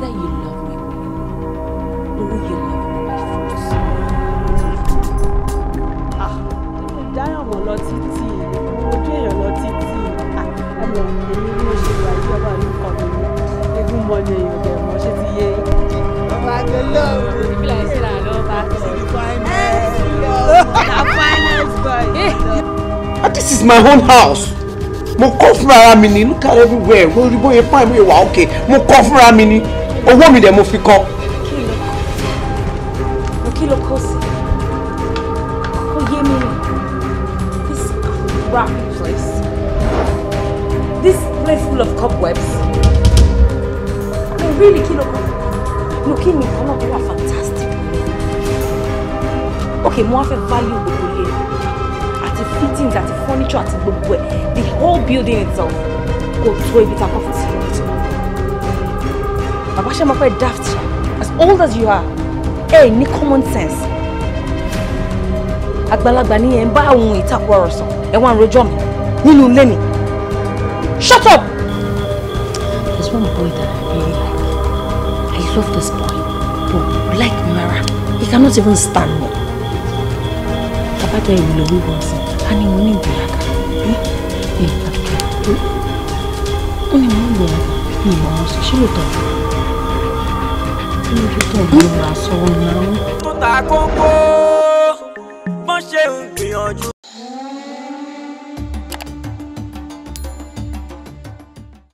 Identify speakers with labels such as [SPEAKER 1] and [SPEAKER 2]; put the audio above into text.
[SPEAKER 1] Either you love me with oh, you love me This is my own house mo kọ́ fúnra mi ni look at everywhere mo rí bóyá fún àìmọye wà ókè mo kọ́ fúnra mi ni owó mi dẹ̀ mo fi kọ́. kí ló kọ́ sí kò this crap place this place full of cobwebs no really kí ló kọ́ no kí ni ìkan náà tó fantastic ok mo wá fẹ́ value gbogbo yẹn àti fittings furniture àti gbogbo ẹ̀ the whole building itself kò tó ibi tá a kọ́ fún security. bàbá ṣe máa fẹ́ daft ṣá as old as you are ẹ ní common sense. àgbàlagbà ni ẹ ń bá ohun ìtàkùrọ̀sọ ẹ wá ń rojọ́ mi nínú ilé mi shut up. there's one boy that I really like I love this boy but like Mara he cannot even stand me. Papa tell him no we want him. Onde mundo é? Nossa, chuta. Não te tomou um braço não. Tu tá com cor. Manchei um pião de.